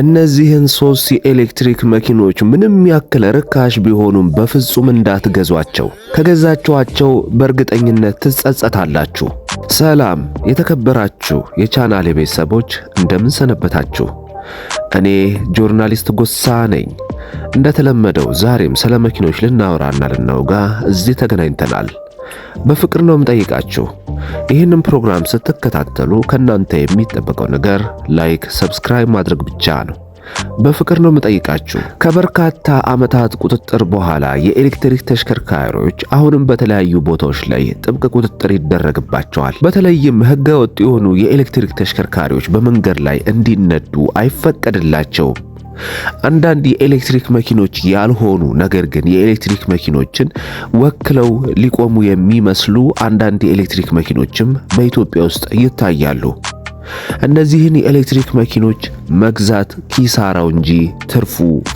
እነዚህን ሶስት የኤሌክትሪክ መኪኖች ምንም ያክል ርካሽ ቢሆኑም በፍጹም እንዳትገዟቸው። ከገዛችኋቸው በእርግጠኝነት ትጸጸታላችሁ። ሰላም የተከበራችሁ የቻናሌ ቤተሰቦች እንደምን ሰነበታችሁ? እኔ ጆርናሊስት ጎሳ ነኝ። እንደተለመደው ዛሬም ስለ መኪኖች ልናወራና ልናውጋ እዚህ ተገናኝተናል። በፍቅር ነው የምጠይቃችሁ ይህንን ፕሮግራም ስትከታተሉ ከእናንተ የሚጠበቀው ነገር ላይክ፣ ሰብስክራይብ ማድረግ ብቻ ነው። በፍቅር ነው የምጠይቃችሁ። ከበርካታ ዓመታት ቁጥጥር በኋላ የኤሌክትሪክ ተሽከርካሪዎች አሁንም በተለያዩ ቦታዎች ላይ ጥብቅ ቁጥጥር ይደረግባቸዋል። በተለይም ሕገ ወጥ የሆኑ የኤሌክትሪክ ተሽከርካሪዎች በመንገድ ላይ እንዲነዱ አይፈቀድላቸውም። አንዳንድ የኤሌክትሪክ መኪኖች ያልሆኑ ነገር ግን የኤሌክትሪክ መኪኖችን ወክለው ሊቆሙ የሚመስሉ አንዳንድ የኤሌክትሪክ መኪኖችም በኢትዮጵያ ውስጥ ይታያሉ። እነዚህን የኤሌክትሪክ መኪኖች መግዛት ኪሳራው እንጂ ትርፉ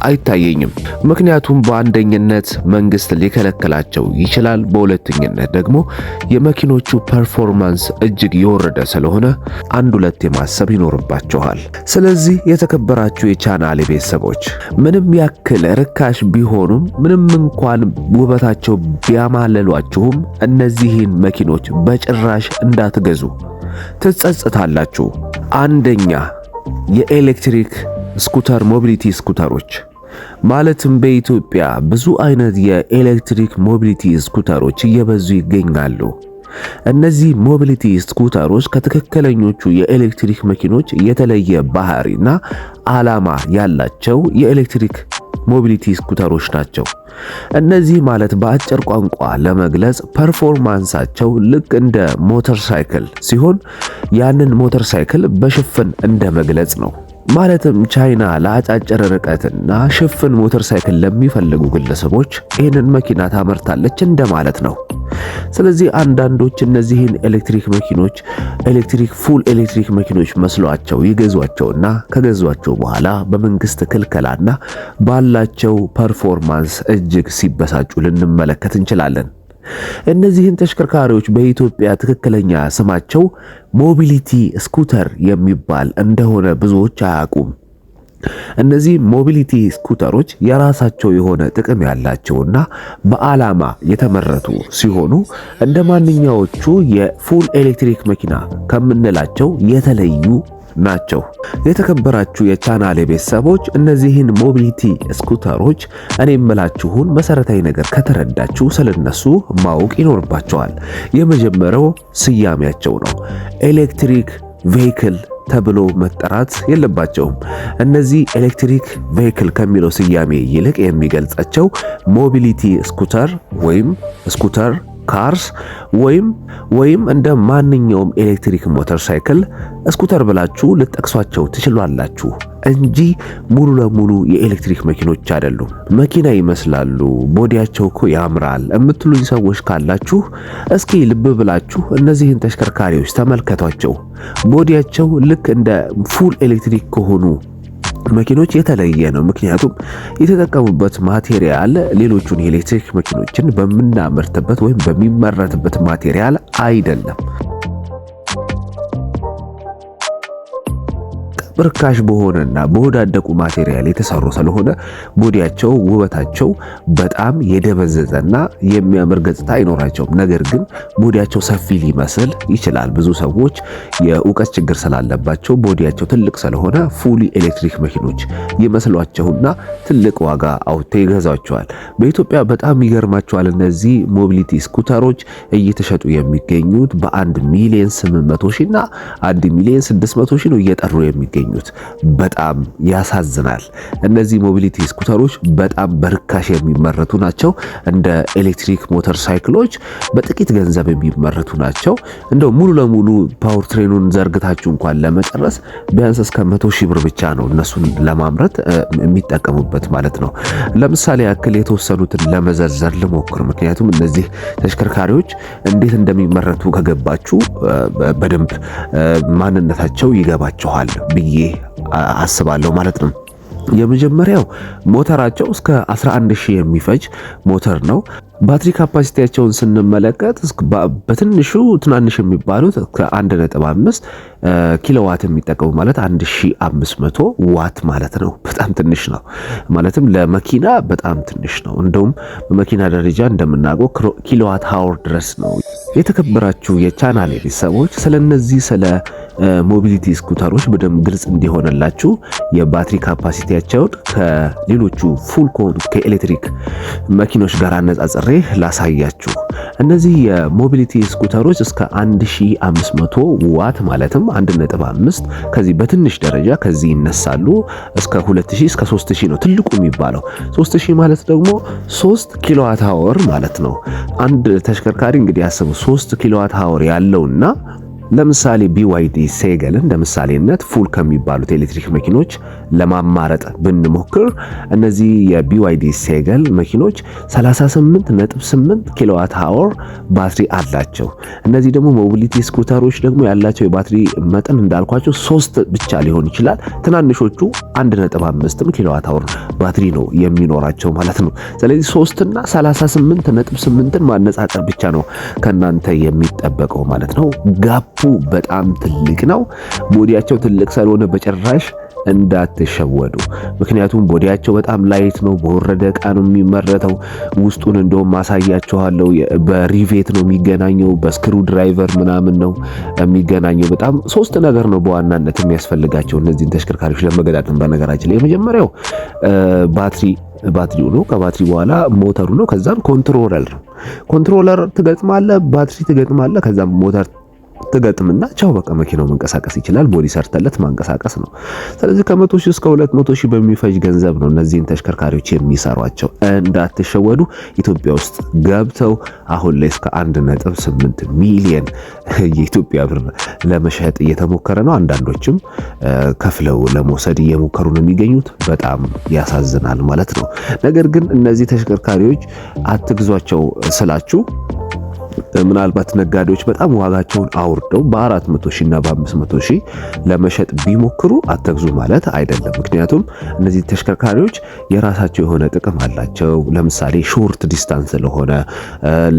አይታየኝም። ምክንያቱም በአንደኝነት መንግስት ሊከለክላቸው ይችላል፣ በሁለተኝነት ደግሞ የመኪኖቹ ፐርፎርማንስ እጅግ የወረደ ስለሆነ አንድ ሁለት የማሰብ ይኖርባቸዋል። ስለዚህ የተከበራችሁ የቻናሌ ቤተሰቦች ምንም ያክል ርካሽ ቢሆኑም ምንም እንኳን ውበታቸው ቢያማለሏችሁም እነዚህን መኪኖች በጭራሽ እንዳትገዙ። ትጸጸታላችሁ። አንደኛ የኤሌክትሪክ ስኩተር ሞቢሊቲ ስኩተሮች ማለትም በኢትዮጵያ ብዙ አይነት የኤሌክትሪክ ሞቢሊቲ ስኩተሮች እየበዙ ይገኛሉ። እነዚህ ሞቢሊቲ ስኩተሮች ከትክክለኞቹ የኤሌክትሪክ መኪኖች የተለየ ባህሪና ዓላማ ያላቸው የኤሌክትሪክ ሞቢሊቲ ስኩተሮች ናቸው። እነዚህ ማለት በአጭር ቋንቋ ለመግለጽ ፐርፎርማንሳቸው ልክ እንደ ሞተር ሳይክል ሲሆን ያንን ሞተር ሳይክል በሽፍን እንደ መግለጽ ነው። ማለትም ቻይና ለአጫጭር ርቀትና ሽፍን ሞተር ሳይክል ለሚፈልጉ ግለሰቦች ይህንን መኪና ታመርታለች እንደማለት ነው። ስለዚህ አንዳንዶች እነዚህን ኤሌክትሪክ መኪኖች ኤሌክትሪክ ፉል ኤሌክትሪክ መኪኖች መስሏቸው ይገዟቸውና ከገዟቸው በኋላ በመንግስት ክልከላና ባላቸው ፐርፎርማንስ እጅግ ሲበሳጩ ልንመለከት እንችላለን። እነዚህን ተሽከርካሪዎች በኢትዮጵያ ትክክለኛ ስማቸው ሞቢሊቲ ስኩተር የሚባል እንደሆነ ብዙዎች አያውቁም። እነዚህ ሞቢሊቲ ስኩተሮች የራሳቸው የሆነ ጥቅም ያላቸውና በዓላማ የተመረቱ ሲሆኑ እንደ ማንኛዎቹ የፉል ኤሌክትሪክ መኪና ከምንላቸው የተለዩ ናቸው። የተከበራችሁ የቻናሌ ቤተሰቦች እነዚህን ሞቢሊቲ ስኩተሮች እኔ የምላችሁን መሰረታዊ ነገር ከተረዳችሁ ስለነሱ ማወቅ ይኖርባቸዋል። የመጀመሪያው ስያሜያቸው ነው። ኤሌክትሪክ ቬይክል ተብሎ መጠራት የለባቸውም። እነዚህ ኤሌክትሪክ ቬሂክል ከሚለው ስያሜ ይልቅ የሚገልጻቸው ሞቢሊቲ ስኩተር ወይም ስኩተር ካርስ ወይም ወይም እንደ ማንኛውም ኤሌክትሪክ ሞተር ሳይክል፣ ስኩተር ብላችሁ ልጠቅሷቸው ትችላላችሁ እንጂ ሙሉ ለሙሉ የኤሌክትሪክ መኪኖች አይደሉም። መኪና ይመስላሉ፣ ቦዲያቸው እኮ ያምራል የምትሉኝ ሰዎች ካላችሁ እስኪ ልብ ብላችሁ እነዚህን ተሽከርካሪዎች ተመልከቷቸው። ቦዲያቸው ልክ እንደ ፉል ኤሌክትሪክ ከሆኑ መኪኖች የተለየ ነው። ምክንያቱም የተጠቀሙበት ማቴሪያል ሌሎቹን የኤሌክትሪክ መኪኖችን በምናመርትበት ወይም በሚመረትበት ማቴሪያል አይደለም። ርካሽ በሆነና በወዳደቁ ማቴሪያል የተሰሩ ስለሆነ ቦዲያቸው ውበታቸው በጣም የደበዘዘና የሚያምር ገጽታ አይኖራቸውም። ነገር ግን ቦዲያቸው ሰፊ ሊመስል ይችላል። ብዙ ሰዎች የእውቀት ችግር ስላለባቸው ቦዲያቸው ትልቅ ስለሆነ ፉሊ ኤሌክትሪክ መኪኖች ይመስሏቸውና ትልቅ ዋጋ አውጥተው ይገዛቸዋል። በኢትዮጵያ በጣም ይገርማቸዋል። እነዚህ ሞቢሊቲ ስኩተሮች እየተሸጡ የሚገኙት በአንድ ሚሊዮን ስምንት መቶ ሺና አንድ ሚሊዮን ስድስት መቶ ሺህ ነው እየጠሩ የሚገኙ የሚገኙት። በጣም ያሳዝናል። እነዚህ ሞቢሊቲ ስኩተሮች በጣም በርካሽ የሚመረቱ ናቸው። እንደ ኤሌክትሪክ ሞተር ሳይክሎች በጥቂት ገንዘብ የሚመረቱ ናቸው። እንደው ሙሉ ለሙሉ ፓወር ትሬኑን ዘርግታችሁ እንኳን ለመጨረስ ቢያንስ እስከ መቶ ሺህ ብር ብቻ ነው እነሱን ለማምረት የሚጠቀሙበት ማለት ነው። ለምሳሌ ያክል የተወሰኑትን ለመዘርዘር ልሞክር። ምክንያቱም እነዚህ ተሽከርካሪዎች እንዴት እንደሚመረቱ ከገባችሁ በደንብ ማንነታቸው ይገባችኋል ብዬ ብዬ አስባለሁ ማለት ነው። የመጀመሪያው ሞተራቸው እስከ 11000 የሚፈጅ ሞተር ነው። ባትሪ ካፓሲቲያቸውን ስንመለከት በትንሹ ትናንሽ የሚባሉት ከ1.5 ኪሎዋት የሚጠቀሙ ማለት 1500 ዋት ማለት ነው። በጣም ትንሽ ነው፣ ማለትም ለመኪና በጣም ትንሽ ነው። እንደውም በመኪና ደረጃ እንደምናውቀው ኪሎዋት ሃወር ድረስ ነው። የተከበራችሁ የቻናሌ ቤተሰቦች ስለነዚህ ስለ ሞቢሊቲ ስኩተሮች በደንብ ግልጽ እንዲሆንላችሁ የባትሪ ካፓሲቲያቸውን ከሌሎቹ ፉል ከሆኑ ከኤሌክትሪክ መኪኖች ጋር አነጻጽሬ ላሳያችሁ። እነዚህ የሞቢሊቲ ስኩተሮች እስከ 1500 ዋት ማለትም 1.5 ከዚህ በትንሽ ደረጃ ከዚህ ይነሳሉ። እስከ 2000 እስከ 3000 ነው ትልቁ የሚባለው። 3000 ማለት ደግሞ 3 ኪሎዋት አወር ማለት ነው። አንድ ተሽከርካሪ እንግዲህ ያስቡ 3 ኪሎዋት አወር ያለውና ለምሳሌ ቢዋይዲ ሴገል እንደ ምሳሌነት ፉል ከሚባሉት ኤሌክትሪክ መኪኖች ለማማረጥ ብንሞክር እነዚህ የቢዋይዲ ሴገል መኪኖች 38.8 ኪሎዋት አወር ባትሪ አላቸው። እነዚህ ደግሞ ሞቢሊቲ ስኩተሮች ደግሞ ያላቸው የባትሪ መጠን እንዳልኳቸው ሶስት ብቻ ሊሆን ይችላል። ትናንሾቹ 1.5 ኪሎዋት አወር ባትሪ ነው የሚኖራቸው ማለት ነው። ስለዚህ 3 እና 38.8ን ማነጻጸር ብቻ ነው ከእናንተ የሚጠበቀው ማለት ነው ጋፕ ጋፑ በጣም ትልቅ ነው። ቦዲያቸው ትልቅ ስለሆነ በጭራሽ እንዳትሸወዱ። ምክንያቱም ቦዲያቸው በጣም ላይት ነው፣ በወረደ እቃ ነው የሚመረተው። ውስጡን እንደውም ማሳያችኋለሁ። በሪቬት ነው የሚገናኘው፣ በስክሩ ድራይቨር ምናምን ነው የሚገናኘው። በጣም ሶስት ነገር ነው በዋናነት የሚያስፈልጋቸው እነዚህን ተሽከርካሪዎች ለመገጣጠም። በነገራችን ላይ የመጀመሪያው ባትሪ ባትሪው ነው። ከባትሪ በኋላ ሞተሩ ነው። ከዛም ኮንትሮለር ነው። ኮንትሮለር ትገጥማለ፣ ባትሪ ትገጥማለ፣ ከዛም ሞተር ትገጥምና ቻው በቃ መኪናው መንቀሳቀስ ይችላል። ቦዲ ሰርተለት ማንቀሳቀስ ነው። ስለዚህ ከመቶ ሺህ እስከ 200 ሺህ በሚፈጅ ገንዘብ ነው እነዚህን ተሽከርካሪዎች የሚሰሯቸው። እንዳትሸወዱ። ኢትዮጵያ ውስጥ ገብተው አሁን ላይ እስከ 1.8 ሚሊዮን የኢትዮጵያ ብር ለመሸጥ እየተሞከረ ነው። አንዳንዶችም ከፍለው ለመውሰድ እየሞከሩ ነው የሚገኙት። በጣም ያሳዝናል ማለት ነው። ነገር ግን እነዚህ ተሽከርካሪዎች አትግዟቸው ስላችሁ ምናልባት ነጋዴዎች በጣም ዋጋቸውን አውርደው በ400 ሺህ እና በ500 ሺህ ለመሸጥ ቢሞክሩ አተግዙ ማለት አይደለም። ምክንያቱም እነዚህ ተሽከርካሪዎች የራሳቸው የሆነ ጥቅም አላቸው። ለምሳሌ ሾርት ዲስታንስ ለሆነ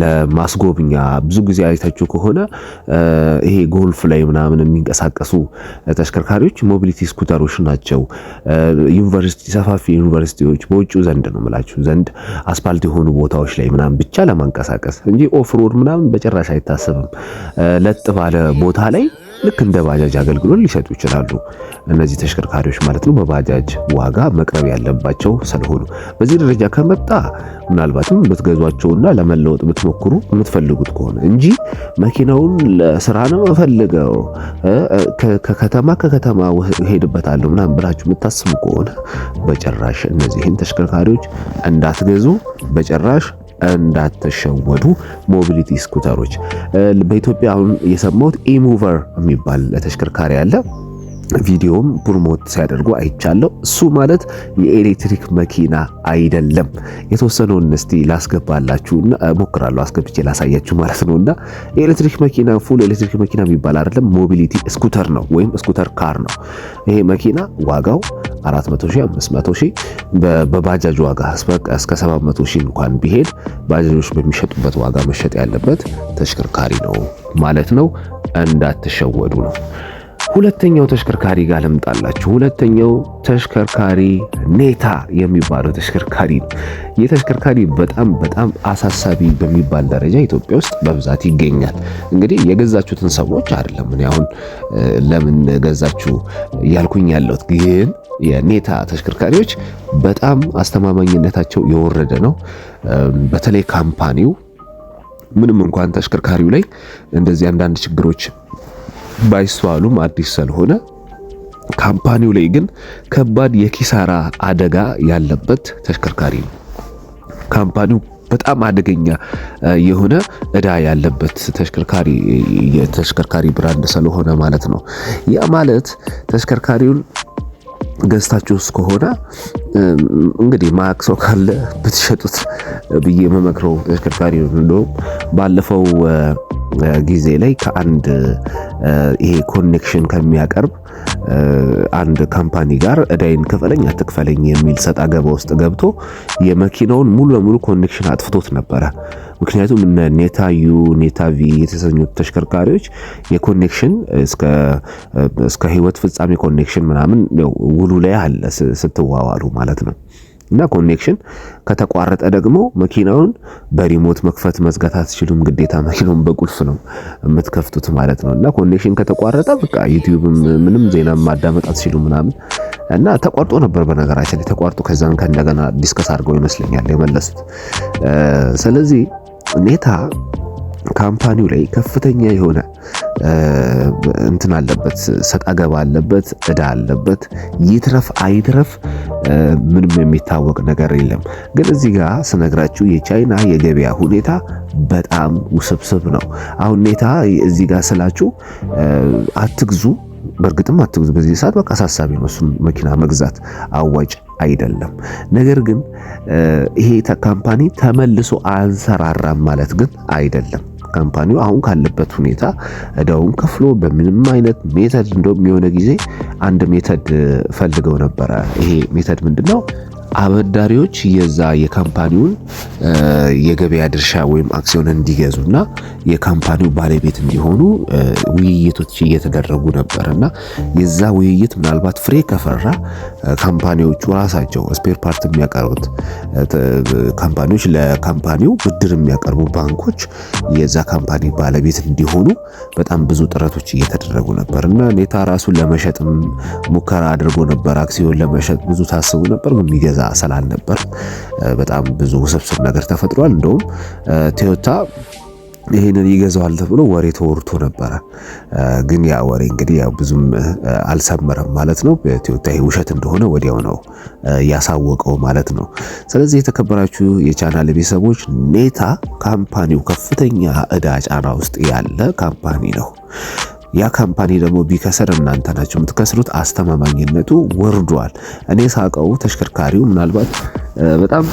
ለማስጎብኛ ብዙ ጊዜ አይታችሁ ከሆነ ይሄ ጎልፍ ላይ ምናምን የሚንቀሳቀሱ ተሽከርካሪዎች ሞቢሊቲ ስኩተሮች ናቸው። ዩኒቨርሲቲ ሰፋፊ ዩኒቨርሲቲዎች በውጭ ዘንድ ነው ምላችሁ ዘንድ አስፓልት የሆኑ ቦታዎች ላይ ምናምን ብቻ ለማንቀሳቀስ እንጂ ኦፍሮድ ምናምን ምናምን በጭራሽ አይታሰብም። ለጥ ባለ ቦታ ላይ ልክ እንደ ባጃጅ አገልግሎት ሊሰጡ ይችላሉ እነዚህ ተሽከርካሪዎች ማለት ነው። በባጃጅ ዋጋ መቅረብ ያለባቸው ስለሆኑ በዚህ ደረጃ ከመጣ ምናልባትም ብትገዟቸውና ለመለወጥ ብትሞክሩ የምትፈልጉት ከሆነ እንጂ መኪናውን ለስራ ነው እፈልገው ከከተማ ከከተማ ሄድበታለሁ ምናምን ብላችሁ የምታስቡ ከሆነ በጭራሽ እነዚህን ተሽከርካሪዎች እንዳትገዙ በጭራሽ እንዳትሸወዱ። ሞቢሊቲ ስኩተሮች በኢትዮጵያ አሁን የሰማሁት ኢሙቨር የሚባል ተሽከርካሪ አለ። ቪዲዮም ፕሮሞት ሲያደርጉ አይቻለሁ። እሱ ማለት የኤሌክትሪክ መኪና አይደለም። የተወሰነውን እስቲ ላስገባላችሁና ሞክራለሁ አስገብቼ ላሳያችሁ ማለት እና የኤሌክትሪክ መኪና ፉል ኤሌክትሪክ መኪና የሚባል አይደለም። ሞቢሊቲ ስኩተር ነው ወይም ስኩተር ካር ነው ይሄ መኪና ዋጋው 400 ሺህ 500 ሺህ በባጃጅ ዋጋ እስከ 700 ሺህ እንኳን ቢሄድ ባጃጆች በሚሸጡበት ዋጋ መሸጥ ያለበት ተሽከርካሪ ነው ማለት ነው። እንዳትሸወዱ ነው። ሁለተኛው ተሽከርካሪ ጋር ልምጣላችሁ። ሁለተኛው ተሽከርካሪ ኔታ የሚባለው ተሽከርካሪ ነው። ይህ ተሽከርካሪ በጣም በጣም አሳሳቢ በሚባል ደረጃ ኢትዮጵያ ውስጥ በብዛት ይገኛል። እንግዲህ የገዛችሁትን ሰዎች አይደለም እኔ አሁን ለምን ገዛችሁ እያልኩኝ ያለሁት ግን የኔታ ተሽከርካሪዎች በጣም አስተማማኝነታቸው የወረደ ነው። በተለይ ካምፓኒው ምንም እንኳን ተሽከርካሪው ላይ እንደዚህ አንዳንድ ችግሮች ባይስተዋሉም አዲስ ስለሆነ ካምፓኒው ላይ ግን ከባድ የኪሳራ አደጋ ያለበት ተሽከርካሪ ነው። ካምፓኒው በጣም አደገኛ የሆነ እዳ ያለበት ተሽከርካሪ የተሽከርካሪ ብራንድ ስለሆነ ማለት ነው። ያ ማለት ተሽከርካሪውን ገዝታችሁ እስከሆነ እንግዲህ ማያቅ ሰው ካለ ብትሸጡት ብዬ የምመክረው ተሽከርካሪ እንደውም ባለፈው ጊዜ ላይ ከአንድ ይሄ ኮኔክሽን ከሚያቀርብ አንድ ካምፓኒ ጋር እዳይን ክፈለኝ አትክፈለኝ የሚል ሰጥ አገባ ውስጥ ገብቶ የመኪናውን ሙሉ ለሙሉ ኮኔክሽን አጥፍቶት ነበረ። ምክንያቱም እነ ኔታዩ ኔታቪ የተሰኙት ተሽከርካሪዎች የኮኔክሽን እስከ ህይወት ፍጻሜ ኮኔክሽን ምናምን ውሉ ላይ አለ ስትዋዋሉ ማለት ነው። እና ኮኔክሽን ከተቋረጠ ደግሞ መኪናውን በሪሞት መክፈት መዝጋት አትችሉም። ግዴታ መኪናውን በቁልፍ ነው የምትከፍቱት ማለት ነው። እና ኮኔክሽን ከተቋረጠ በቃ ዩቲዩብ ምንም ዜና ማዳመጥ አትችሉም ምናምን እና ተቋርጦ ነበር። በነገራችን ላይ ተቋርጦ ከዛን ከእንደገና ዲስከስ አድርገው ይመስለኛል የመለሱት። ስለዚህ ኔታ ካምፓኒው ላይ ከፍተኛ የሆነ እንትን አለበት፣ ሰጣ ገባ አለበት፣ እዳ አለበት። ይትረፍ አይትረፍ ምንም የሚታወቅ ነገር የለም። ግን እዚህ ጋር ስነግራችሁ የቻይና የገበያ ሁኔታ በጣም ውስብስብ ነው። አሁን ሁኔታ እዚህ ጋር ስላችሁ አትግዙ፣ በእርግጥም አትግዙ። በዚህ ሰዓት በቃ አሳሳቢ ነው እሱን መኪና መግዛት አዋጭ አይደለም። ነገር ግን ይሄ ካምፓኒ ተመልሶ አንሰራራም ማለት ግን አይደለም። ካምፓኒው አሁን ካለበት ሁኔታ እዳውን ከፍሎ በምንም አይነት ሜተድ እንደውም የሆነ ጊዜ አንድ ሜተድ ፈልገው ነበረ። ይሄ ሜተድ ምንድን ነው? አበዳሪዎች የዛ የካምፓኒውን የገበያ ድርሻ ወይም አክሲዮን እንዲገዙና የካምፓኒው ባለቤት እንዲሆኑ ውይይቶች እየተደረጉ ነበር እና የዛ ውይይት ምናልባት ፍሬ ከፈራ ካምፓኒዎቹ ራሳቸው ስፔር ፓርት የሚያቀርቡት ካምፓኒዎች ለካምፓኒው ብድር የሚያቀርቡ ባንኮች የዛ ካምፓኒ ባለቤት እንዲሆኑ በጣም ብዙ ጥረቶች እየተደረጉ ነበር እና ኔታ ራሱ ለመሸጥም ሙከራ አድርጎ ነበር። አክሲዮን ለመሸጥ ብዙ ታስቡ ነበር የሚገዛ እንደዛ ስላልነበር በጣም ብዙ ውስብስብ ነገር ተፈጥሯል። እንደውም ቶዮታ ይህንን ይገዛዋል ተብሎ ወሬ ተወርቶ ነበረ። ግን ያ ወሬ እንግዲህ ያው ብዙም አልሰመረም ማለት ነው። ቶዮታ ይህ ውሸት እንደሆነ ወዲያው ነው ያሳወቀው ማለት ነው። ስለዚህ የተከበራችሁ የቻናል ቤተሰቦች ኔታ ካምፓኒው ከፍተኛ እዳ ጫና ውስጥ ያለ ካምፓኒ ነው። ያ ካምፓኒ ደግሞ ቢከሰር እናንተ ናቸው የምትከስሩት። አስተማማኝነቱ ወርዷል። እኔ ሳቀው ተሽከርካሪው ምናልባት በጣም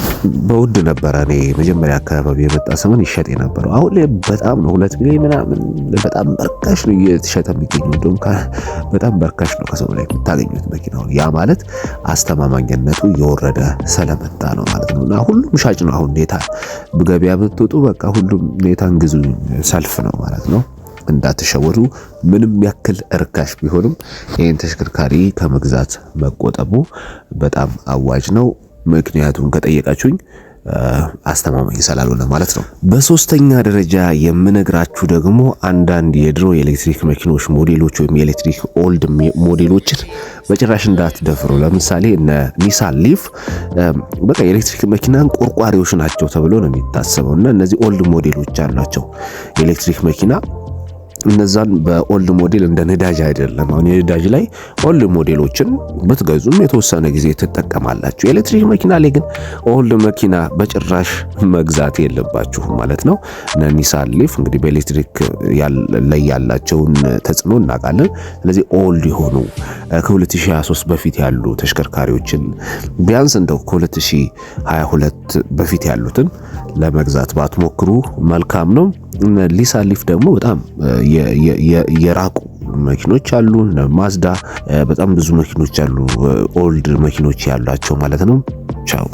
በውድ ነበረ። እኔ መጀመሪያ አካባቢ የመጣ ሰሞን ይሸጥ የነበረው አሁን ላይ በጣም ነው፣ ሁለት ሚሊዮን ምናምን በጣም በርካሽ ነው እየተሸጠ የሚገኙ እንደውም በጣም በርካሽ ነው ከሰው ላይ የምታገኙት መኪና። ያ ማለት አስተማማኝነቱ የወረደ ስለመጣ ነው ማለት ነው። እና ሁሉም ሻጭ ነው አሁን ኔታ ገበያ ብትወጡ በቃ ሁሉም ኔታን ግዙ ሰልፍ ነው ማለት ነው። እንዳትሸወዱ። ምንም ያክል እርካሽ ቢሆንም ይህን ተሽከርካሪ ከመግዛት መቆጠቡ በጣም አዋጭ ነው። ምክንያቱም ከጠየቃችሁኝ አስተማማኝ ስላልሆነ ማለት ነው። በሶስተኛ ደረጃ የምነግራችሁ ደግሞ አንዳንድ የድሮ የኤሌክትሪክ መኪኖች ሞዴሎች ወይም የኤሌክትሪክ ኦልድ ሞዴሎችን በጭራሽ እንዳትደፍሩ። ለምሳሌ እነ ኒሳን ሊፍ በቃ የኤሌክትሪክ መኪናን ቆርቋሪዎች ናቸው ተብሎ ነው የሚታሰበው እና እነዚህ ኦልድ ሞዴሎች አሏቸው የኤሌክትሪክ መኪና እነዛን በኦልድ ሞዴል እንደ ነዳጅ አይደለም። አሁን የነዳጅ ላይ ኦልድ ሞዴሎችን ብትገዙም የተወሰነ ጊዜ ትጠቀማላችሁ። የኤሌክትሪክ መኪና ላይ ግን ኦልድ መኪና በጭራሽ መግዛት የለባችሁም ማለት ነው። ኒሳን ሊፍ እንግዲህ በኤሌክትሪክ ላይ ያላቸውን ተጽዕኖ እናውቃለን። ስለዚህ ኦልድ የሆኑ ከ2023 በፊት ያሉ ተሽከርካሪዎችን ቢያንስ እንደው ከ2022 በፊት ያሉትን ለመግዛት ባትሞክሩ መልካም ነው። ሊፍ ደግሞ በጣም የራቁ መኪኖች አሉ። ማዝዳ በጣም ብዙ መኪኖች አሉ፣ ኦልድ መኪኖች ያሏቸው ማለት ነው። ቻው